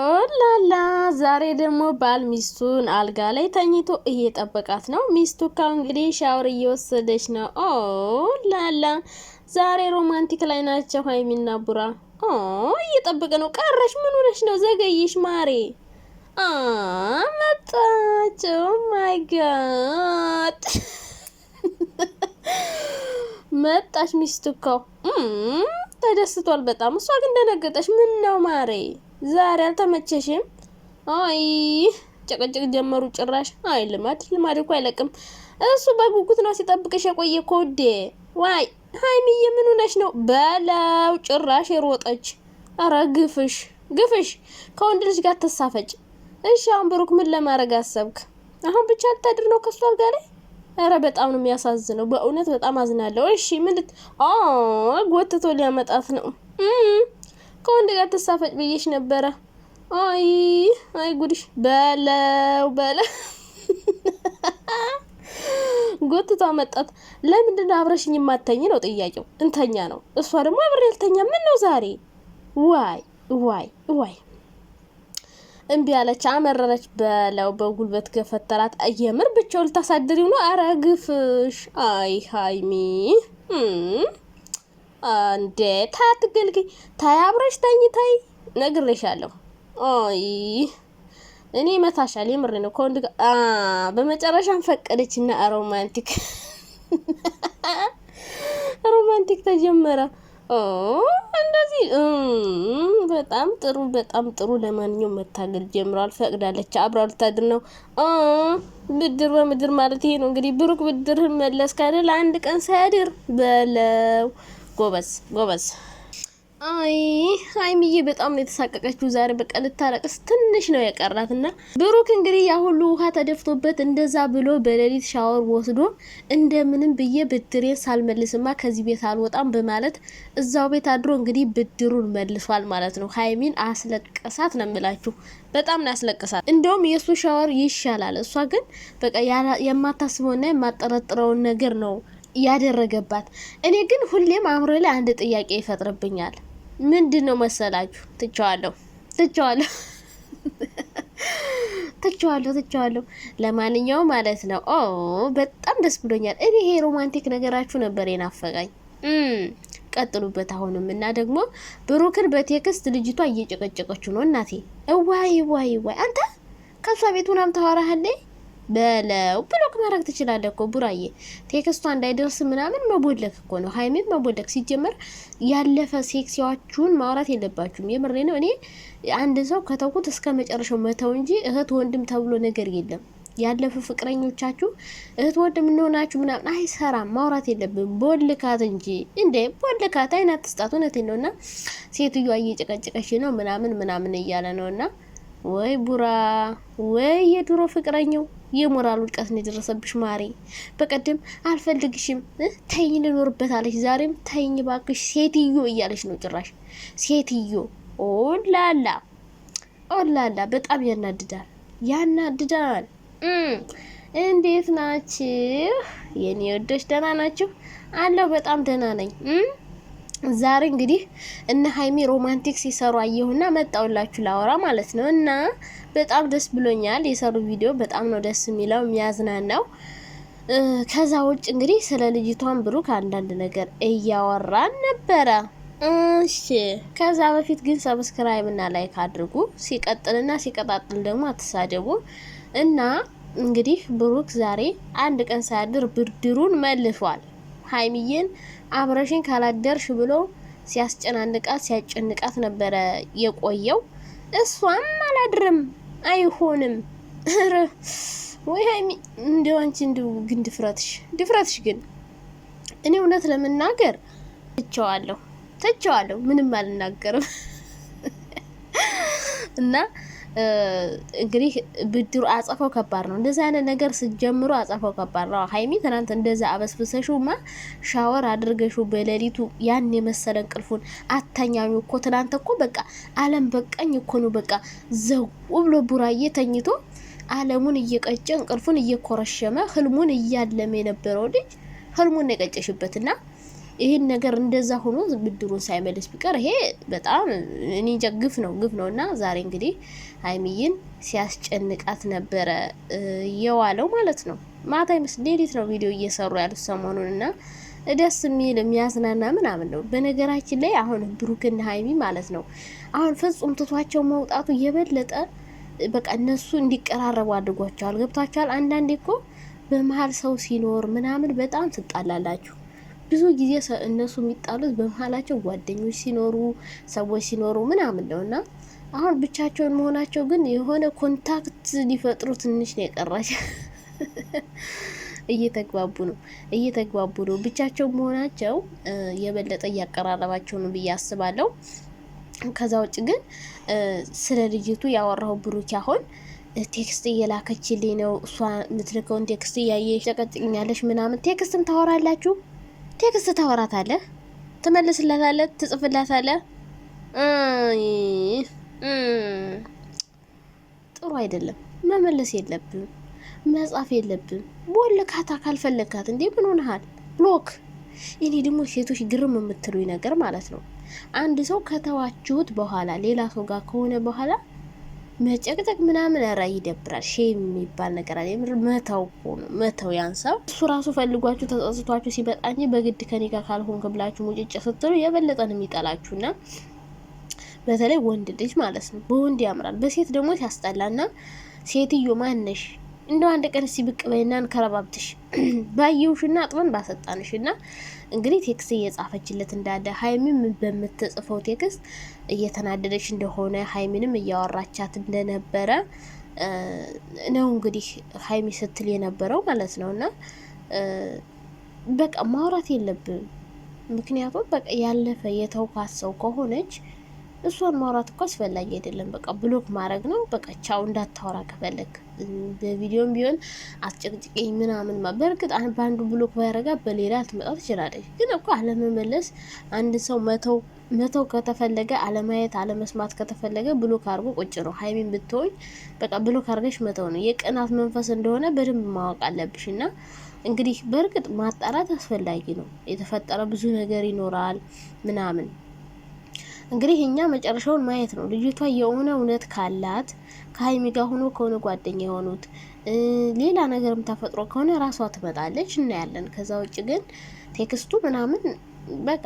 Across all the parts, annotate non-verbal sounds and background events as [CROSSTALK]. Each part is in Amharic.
ኦላላ ዛሬ ደግሞ ባል ሚስቱን አልጋ ላይ ተኝቶ እየጠበቃት ነው። ሚስቱ ካሁ እንግዲህ ሻወር እየወሰደች ነው። ኦላላ ዛሬ ሮማንቲክ ላይ ናቸው ሀይሚና ቡራ። እየጠበቀ ነው። ቀረሽ? ምን ሆነሽ ነው? ዘገይሽ ማሬ። መጣች። ማይ ጋድ መጣች ሚስቱ እኮ ተደስቷል በጣም። እሷ ግን ደነገጠች። ምን ነው ማሬ ዛሬ አልተመቸሽም? አይ ጭቅጭቅ ጀመሩ ጭራሽ። አይ ልማድ ልማድ እኮ አይለቅም። እሱ በጉጉት ነው ሲጠብቅሽ የቆየ ኮዴ። ዋይ ሀይሚዬ ምን ሆነሽ ነው በለው። ጭራሽ የሮጠች አረ ግፍሽ ግፍሽ። ከወንድ ልጅ ጋር ተሳፈጭ። እሺ አሁን ብሩክ ምን ለማድረግ አሰብክ? አሁን ብቻ ልታድር ነው ከሱ አልጋ ላይ? አረ በጣም ነው የሚያሳዝነው። በእውነት በጣም አዝናለሁ። እሺ ምንድት ጎትቶ ሊያመጣት ነው? ከወንድ ጋር ተሳፈጭ ብዬሽ ነበረ። አይ አይ ጉድሽ በለው በለ [LAUGHS] ጎትታ መጣት። ለምንድን ነው አብረሽኝ የማተኝ ነው ጥያቄው። እንተኛ ነው እሷ ደግሞ አብሬ ያልተኛ ምን ነው ዛሬ? ዋይ ዋይ ዋይ እምቢ አለች፣ አመረረች። በለው በጉልበት ገፈተራት። የምር ብቻው ልታሳድሪው ነው? አረ ግፍሽ! አይ ሀይሚ እንዴ ታትገልገይ ታይ አብረሽ ተኝ ታይ ነግሬሻለሁ። አይ እኔ መታሻል የምሬ ነው። ከወንድ ጋር በመጨረሻም ፈቀደች እና ሮማንቲክ [LAUGHS] ሮማንቲክ ተጀመረ። እንደዚህ በጣም ጥሩ በጣም ጥሩ። ለማንኛውም መታገል ጀምሯል። ፈቅዳለች፣ አብራ ልታድር ነው። ብድር በምድር ማለት ይሄ ነው እንግዲህ። ብሩክ ብድርህን መለስ አይደል? አንድ ቀን ሳያድር በለው ጎበዝ ጎበዝ። አይ ሀይሚዬ በጣም ነው የተሳቀቀችው ዛሬ። በቃ ልታለቅስ ትንሽ ነው የቀራት እና ብሩክ እንግዲህ ያ ሁሉ ውሃ ተደፍቶበት እንደዛ ብሎ በሌሊት ሻወር ወስዶ እንደምንም ብዬ ብድሬን ሳልመልስማ ከዚህ ቤት አልወጣም በማለት እዛው ቤት አድሮ እንግዲህ ብድሩን መልሷል ማለት ነው። ሀይሚን አስለቀሳት ነው የምላችሁ። በጣም ነው ያስለቅሳት። እንደውም የእሱ ሻወር ይሻላል። እሷ ግን በቃ የማታስበውና የማጠረጥረውን ነገር ነው ያደረገባት። እኔ ግን ሁሌም አእምሮ ላይ አንድ ጥያቄ ይፈጥርብኛል። ምንድን ነው መሰላችሁ? ትቸዋለሁ ትቸዋለሁ [LAUGHS] ትቸዋለሁ ትቸዋለሁ። ለማንኛውም ማለት ነው ኦ በጣም ደስ ብሎኛል። እኔ ይሄ ሮማንቲክ ነገራችሁ ነበር የናፈቃኝ። ቀጥሉበት አሁንም። እና ደግሞ ብሩክን በቴክስት ልጅቷ እየጨቀጨቀችው ነው እናቴ። እዋይ ዋይ ዋይ! አንተ ከእሷ ቤት ምናምን ታወራሃሌ በለው ማድረግ ትችላለህ እኮ ቡራዬ። ቴክስቷ እንዳይደርስ ምናምን መቦለክ እኮ ነው፣ ሀይሜን መቦለክ። ሲጀመር ያለፈ ሴክሲዋችሁን ማውራት የለባችሁም። የምሬ ነው። እኔ አንድ ሰው ከተውኩት እስከ መጨረሻው መተው እንጂ እህት ወንድም ተብሎ ነገር የለም። ያለፉ ፍቅረኞቻችሁ እህት ወንድም እንሆናችሁ ምናምን አይሰራም። ማውራት የለብን ቦልካት እንጂ እንደ ቦልካት፣ አይናት ስጣት። እውነቴን ነው። እና ሴትዮዋ እየጨቀጨቀሽ ነው ምናምን ምናምን እያለ ነው እና ወይ ቡራ ወይ የድሮ ፍቅረኛው የሞራል ውድቀት ነው የደረሰብሽ ማሬ። በቀደም አልፈልግሽም ተይኝ ልኖርበት አለች። ዛሬም ተይኝ ባክሽ ሴትዮ እያለች ነው ጭራሽ ሴትዮ። ኦላላ ኦላላ በጣም ያናድዳል፣ ያናድዳል። እንዴት ናችሁ የኔ ወዶች? ደህና ናችሁ? አለሁ በጣም ደህና ነኝ። ዛሬ እንግዲህ እነ ሀይሚ ሮማንቲክ ሲሰሩ አየሁና መጣውላችሁ ላወራ ማለት ነው። እና በጣም ደስ ብሎኛል። የሰሩ ቪዲዮ በጣም ነው ደስ የሚለው የሚያዝናናው። ከዛ ውጭ እንግዲህ ስለ ልጅቷን ብሩክ አንዳንድ ነገር እያወራን ነበረ። እሺ ከዛ በፊት ግን ሰብስክራይብ እና ላይክ አድርጉ። ሲቀጥልና ሲቀጣጥል ደግሞ አትሳደቡ እና እንግዲህ ብሩክ ዛሬ አንድ ቀን ሳያድር ብድሩን መልሷል። ሀይሚዬን አብረሽኝ ካላደርሽ ብሎ ሲያስጨናንቃት ሲያጨንቃት ነበረ የቆየው። እሷም አላድርም አይሆንም ወይ ሀይሚ፣ እንደው አንቺ እንደው ግን ድፍረትሽ ድፍረትሽ ግን እኔ እውነት ለመናገር ትቸዋለሁ ትቸዋለሁ፣ ምንም አልናገርም [LAUGHS] እና እንግዲህ ብድሩ አጸፈው ከባድ ነው። እንደዚህ አይነት ነገር ስጀምሮ አጸፈው ከባድ ነው። ሀይሚ ትናንት እንደዛ ማ ሻወር አድርገሽው በሌሊቱ ያን የመሰለ እንቅልፉን አተኛሚ እኮ ትናንት እኮ በቃ አለም በቀኝ እኮ ነው በቃ ዘው ብሎ ቡራዬ ተኝቶ አለሙን እየቀጨ እንቅልፉን እየኮረሸመ ህልሙን እያለመ የነበረው ልጅ ህልሙን የቀጨሽበትና ይሄን ነገር እንደዛ ሆኖ ብድሩን ሳይመልስ ቢቀር ይሄ በጣም እኔ እንጃ ግፍ ነው ግፍ ነው። እና ዛሬ እንግዲህ ሀይሚዬን ሲያስጨንቃት ነበረ የዋለው ማለት ነው። ማታ ይመስል ሌሊት ነው ቪዲዮ እየሰሩ ያሉት ሰሞኑን እና ደስ የሚል የሚያዝናና ምናምን ነው። በነገራችን ላይ አሁን ብሩክና ሀይሚ ማለት ነው አሁን ፍጹም ትቷቸው መውጣቱ የበለጠ በቃ እነሱ እንዲቀራረቡ አድርጓቸዋል። ገብቷቸዋል። አንዳንዴ እኮ በመሀል ሰው ሲኖር ምናምን በጣም ትጣላላችሁ። ብዙ ጊዜ እነሱ የሚጣሉት በመሀላቸው ጓደኞች ሲኖሩ ሰዎች ሲኖሩ ምናምን ነው እና አሁን ብቻቸውን መሆናቸው ግን የሆነ ኮንታክት ሊፈጥሩ ትንሽ ነው የቀራች። [LAUGHS] እየተግባቡ ነው እየተግባቡ ነው። ብቻቸው መሆናቸው የበለጠ እያቀራረባቸው ነው ብዬ አስባለሁ። ከዛ ውጭ ግን ስለ ልጅቱ ያወራው ብሩክ አሁን ቴክስት እየላከችልኝ ነው። እሷ የምትልከውን ቴክስት እያየ ጨቀጭቅኛለች ምናምን ቴክስትም ታወራላችሁ ቴክስት ታወራታለህ፣ ትመልስላታለህ፣ ትጽፍላታለህ። ጥሩ አይደለም። መመለስ የለብም መጻፍ የለብም። ቦልካታ ካልፈለግካት እንዴ ምን ሆነሃል? ብሎክ። እኔ ደግሞ ሴቶች ግርም የምትሉኝ ነገር ማለት ነው አንድ ሰው ከተዋችሁት በኋላ ሌላ ሰው ጋር ከሆነ በኋላ መጨቅጨቅ ምናምን ኧረ ይደብራል። ሼ የሚባል ነገር አለ። የምር መተው ሆኖ መተው ያን ሰው እሱ ራሱ ፈልጓችሁ ተጸጽቷችሁ ሲመጣ እንጂ በግድ ከኔ ጋር ካልሆንክ ብላችሁ ሙጭጭ ስትሉ የበለጠን የሚጠላችሁና በተለይ ወንድ ልጅ ማለት ነው። በወንድ ያምራል፣ በሴት ደግሞ ሲያስጠላ ሲያስጠላና ሴትዮ ማነሽ እንደው አንድ ቀን ሲብቅ ብቅ ከረባብትሽ [CLEARS THROAT] ባየውሽና አጥበን ባሰጣንሽ። እና እንግዲህ ቴክስት እየጻፈችለት እንዳለ ሀይሚም በምትጽፈው ቴክስት እየተናደደች እንደሆነ ሀይሚንም እያወራቻት እንደነበረ ነው እንግዲህ ሀይሚ ስትል የነበረው ማለት ነው። እና በቃ ማውራት የለብም ምክንያቱም በቃ ያለፈ የተውካት ሰው ከሆነች እሷን ማውራት እኮ አስፈላጊ አይደለም። በቃ ብሎክ ማድረግ ነው። በቃ ቻው፣ እንዳታወራ ከፈለግ በቪዲዮም ቢሆን አስጨቅጭቄኝ ምናምን። በእርግጥ በአንዱ ብሎክ ባያረጋ በሌላ ልትመጣ ትችላለች። ግን እኮ አለመመለስ አንድ ሰው መተው መተው ከተፈለገ አለማየት አለመስማት ከተፈለገ ብሎክ አድርጎ ቁጭ ነው። ሀይሚን ብትሆኝ በቃ ብሎክ አድርገሽ መተው ነው። የቅናት መንፈስ እንደሆነ በደንብ ማወቅ አለብሽ። እና እንግዲህ በእርግጥ ማጣራት አስፈላጊ ነው። የተፈጠረ ብዙ ነገር ይኖራል ምናምን እንግዲህ እኛ መጨረሻውን ማየት ነው። ልጅቷ የሆነ እውነት ካላት ከሀይሚ ጋር ሆኖ ከሆነ ጓደኛ የሆኑት ሌላ ነገርም ተፈጥሮ ከሆነ ራሷ ትመጣለች እናያለን። ከዛ ውጭ ግን ቴክስቱ ምናምን በቃ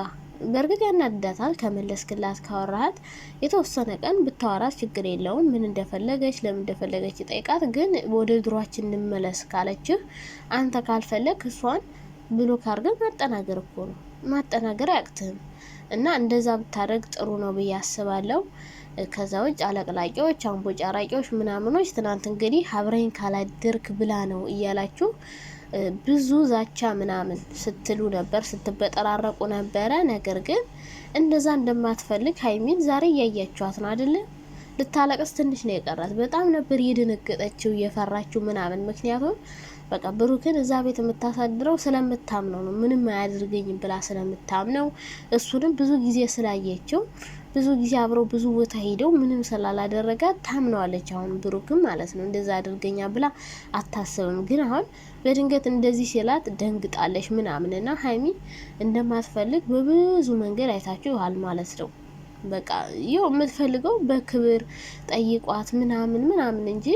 በእርግጥ ያናድዳታል። ከመለስክላት ካወራሃት የተወሰነ ቀን ብታወራት ችግር የለውም። ምን እንደፈለገች ለምን እንደፈለገች ይጠይቃት። ግን ወደ ድሯችን እንመለስ ካለችህ አንተ ካልፈለግ እሷን ብሎ አድርገን ማጠናገር እኮ ነው። ማጠናገር አያቅትህም። እና እንደዛ ብታደረግ ጥሩ ነው ብዬ አስባለሁ። ከዛ ውጭ አለቅላቂዎች፣ አንቦ ጫራቂዎች ምናምኖች ትናንት እንግዲህ ሀብረኝ ካላደርክ ብላ ነው እያላችሁ ብዙ ዛቻ ምናምን ስትሉ ነበር፣ ስትበጠራረቁ ነበረ። ነገር ግን እንደዛ እንደማትፈልግ ሀይሚን ዛሬ እያያችኋት ነው ልታለቅስ ትንሽ ነው የቀራት። በጣም ነበር የደነገጠችው የፈራችው ምናምን። ምክንያቱም በቃ ብሩክን እዛ ቤት የምታሳድረው ስለምታምነው ነው፣ ምንም አያደርገኝም ብላ ስለምታምነው፣ እሱንም ብዙ ጊዜ ስላየችው ብዙ ጊዜ አብረው ብዙ ቦታ ሄደው ምንም ስላላደረጋት ታምነዋለች። አሁን ብሩክም ማለት ነው እንደዛ አድርገኛ ብላ አታስብም። ግን አሁን በድንገት እንደዚህ ሲላት ደንግጣለች ምናምንና ሀይሚ እንደማትፈልግ በብዙ መንገድ አይታችኋል ማለት ነው። በቃ ይኸው የምትፈልገው በክብር ጠይቋት ምናምን ምናምን እንጂ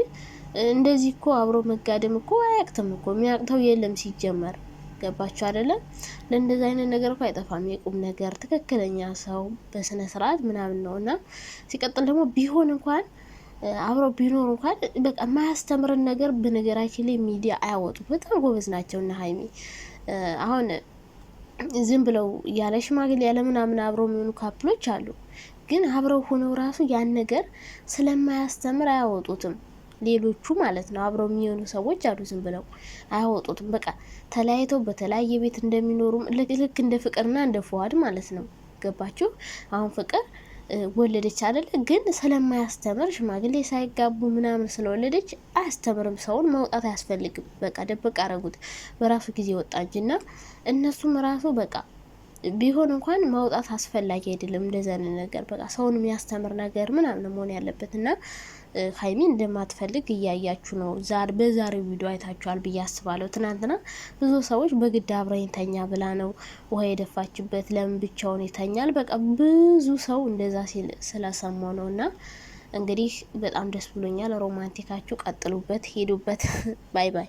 እንደዚህ እኮ አብሮ መጋደም እኮ አያቅትም እኮ የሚያቅተው የለም ሲጀመር። ገባችሁ አይደለም? ለእንደዚህ አይነት ነገር እኮ አይጠፋም የቁም ነገር ትክክለኛ ሰው በስነ ስርዓት ምናምን ነው እና ሲቀጥል ደግሞ ቢሆን እንኳን አብሮ ቢኖር እንኳን በቃ የማያስተምርን ነገር በነገራችን ላይ ሚዲያ አያወጡ። በጣም ጎበዝ ናቸው እና ሀይሚ አሁን ዝም ብለው ያለ ሽማግሌ ያለ ምናምን አብረው የሚሆኑ ካፕሎች አሉ። ግን አብረው ሆነው ራሱ ያን ነገር ስለማያስተምር አያወጡትም። ሌሎቹ ማለት ነው አብረው የሚሆኑ ሰዎች አሉ፣ ዝም ብለው አያወጡትም። በቃ ተለያይተው በተለያየ ቤት እንደሚኖሩም ልክ እንደ ፍቅርና እንደ ፍዋድ ማለት ነው። ገባችሁ አሁን ፍቅር ወለደች አደለ? ግን ስለማያስተምር ሽማግሌ ሳይጋቡ ምናምን ስለወለደች አያስተምርም። ሰውን መውጣት አያስፈልግም። በቃ ደበቅ አረጉት። በራሱ ጊዜ ወጣ እንጂና እነሱም ራሱ በቃ ቢሆን እንኳን ማውጣት አስፈላጊ አይደለም። እንደዛ ነገር በቃ ሰውን የሚያስተምር ነገር ምናምን መሆን ያለበት እና ሀይሚ እንደማትፈልግ እያያችሁ ነው። ዛሬ በዛሬው ቪዲዮ አይታችኋል ብዬ አስባለሁ። ትናንትና ብዙ ሰዎች በግድ አብረኝ ተኛ ብላ ነው ውሃ የደፋችበት። ለምን ብቻውን ይተኛል? በቃ ብዙ ሰው እንደዛ ስለሰማው ነው። እና እንግዲህ በጣም ደስ ብሎኛል። ሮማንቲካችሁ ቀጥሉበት፣ ሄዱበት። [LAUGHS] ባይ ባይ።